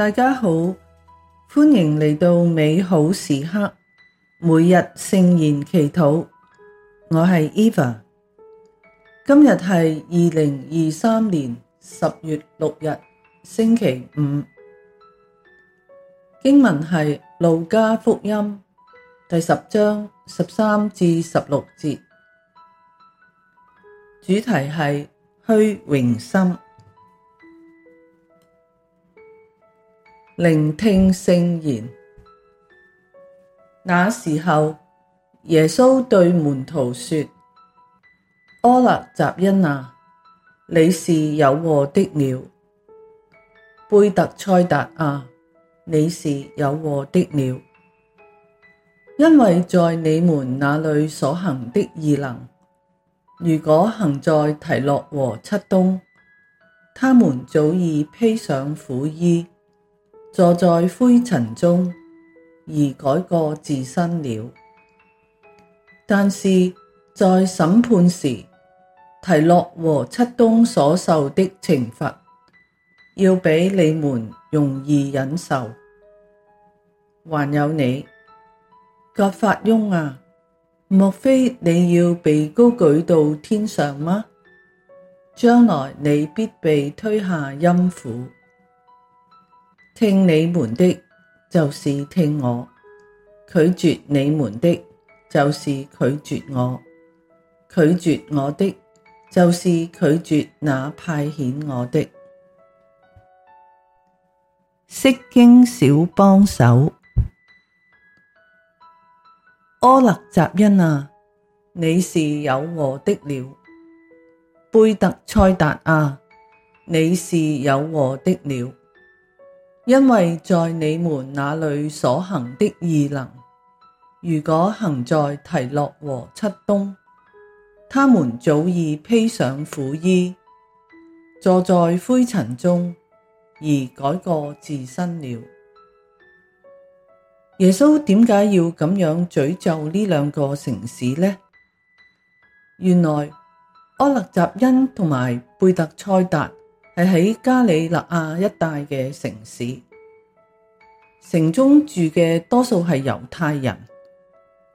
大家好，歡迎嚟到美好時刻，每日聖言祈禱。我係 Eva，今日係二零二三年十月六日星期五，經文係路加福音第十章十三至十六節，主題係虛榮心。聆聽聖言。那時候，耶穌對門徒說：苛辣匝因啊，你是有禍的了；貝特賽達啊，你是有禍的了。因為在你們那裡所行的異能，如果行在提洛和漆冬，他們早已披上苦衣。坐在灰塵中，而改過自新了，但是在審判時，提洛和漆冬所受的懲罰，要比你們容易忍受。還有你，葛法翁啊，莫非你要被高舉到天上嗎？將來你必被推下陰府。聽你們的，就是聽我；拒絕你們的，就是拒絕我；拒絕我的，就是拒絕那派遣我的。釋經小幫手，苛辣匝因啊，你是有禍的了；貝特賽達啊，你是有禍的了。因為在你們那裡所行的異能，如果行在提洛和漆冬，他們早已披上苦衣，坐在灰塵中，而改過自新了。耶穌點解要咁樣詛咒呢兩個城市呢？原來苛辣匝因同埋貝特賽達。係喺加里肋亞一帶嘅城市，城中住嘅多數係猶太人，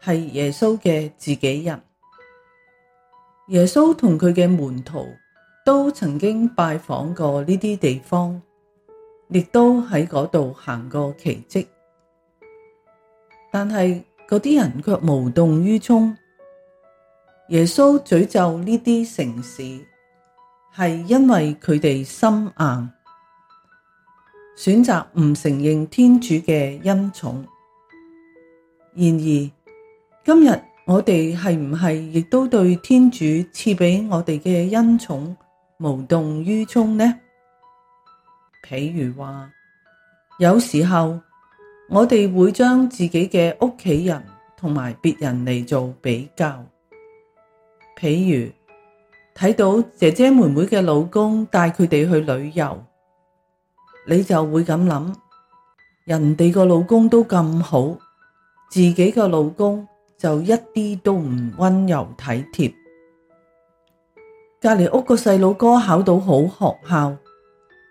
係耶穌嘅自己人。耶穌同佢嘅門徒都曾經拜訪過呢啲地方，亦都喺嗰度行過奇蹟。但係嗰啲人卻無動於衷。耶穌詛咒呢啲城市。係因為佢哋心硬，選擇唔承認天主嘅恩寵。然而，今日我哋係唔係亦都對天主賜俾我哋嘅恩寵無動於衷呢？譬如話，有時候我哋會將自己嘅屋企人同埋別人嚟做比較，譬如。睇到姐姐妹妹嘅老公帶佢哋去旅遊，你就會咁諗：人哋個老公都咁好，自己個老公就一啲都唔溫柔體貼。隔籬屋個細佬哥考到好學校，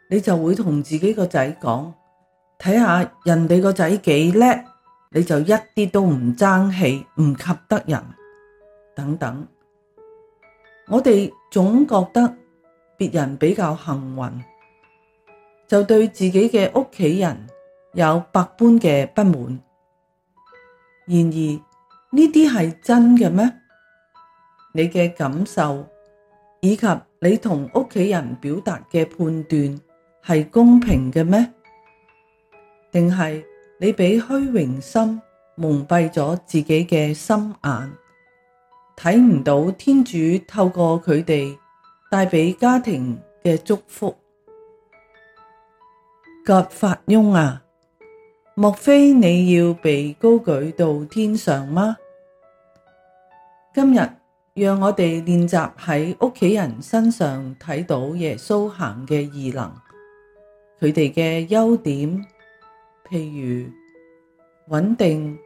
你就會同自己個仔講：睇下人哋個仔幾叻，你就一啲都唔爭氣，唔及得人等等。我哋總覺得別人比較幸運，就對自己嘅屋企人有百般嘅不滿。然而呢啲係真嘅咩？你嘅感受，以及你同屋企人表達嘅判斷係公平嘅咩？定係你俾虛榮心蒙蔽咗自己嘅心眼？睇唔到天主透過佢哋帶俾家庭嘅祝福，葛法翁啊！莫非你要被高舉到天上嗎？今日讓我哋練習喺屋企人身上睇到耶穌行嘅異能，佢哋嘅優點，譬如穩定、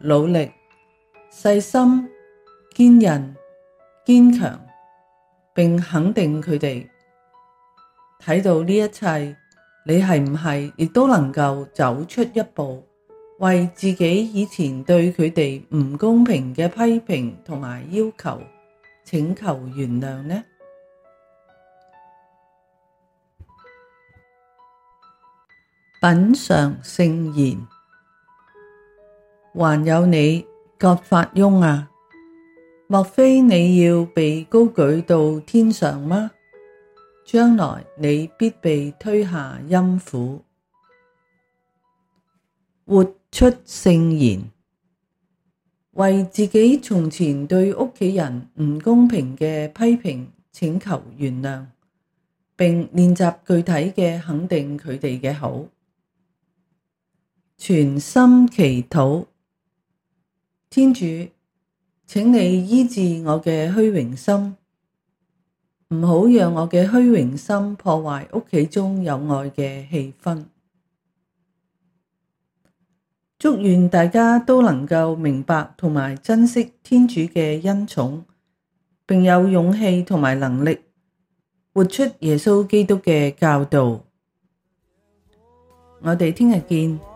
努力、細心。堅韌堅強，並肯定佢哋。睇到呢一切，你係唔係亦都能夠走出一步，為自己以前對佢哋唔公平嘅批評同埋要求請求原諒呢？品嚐聖言，還有你葛法翁啊！莫非你要被高舉到天上嗎？將來你必被推下陰府。活出聖言，為自己從前對屋企人唔公平嘅批評請求原諒，並練習具體嘅肯定佢哋嘅好，全心祈禱，天主。請你醫治我嘅虛榮心，唔好讓我嘅虛榮心破壞屋企中友愛嘅氣氛。祝願大家都能夠明白同埋珍惜天主嘅恩寵，並有勇氣同埋能力活出耶穌基督嘅教導。我哋聽日見。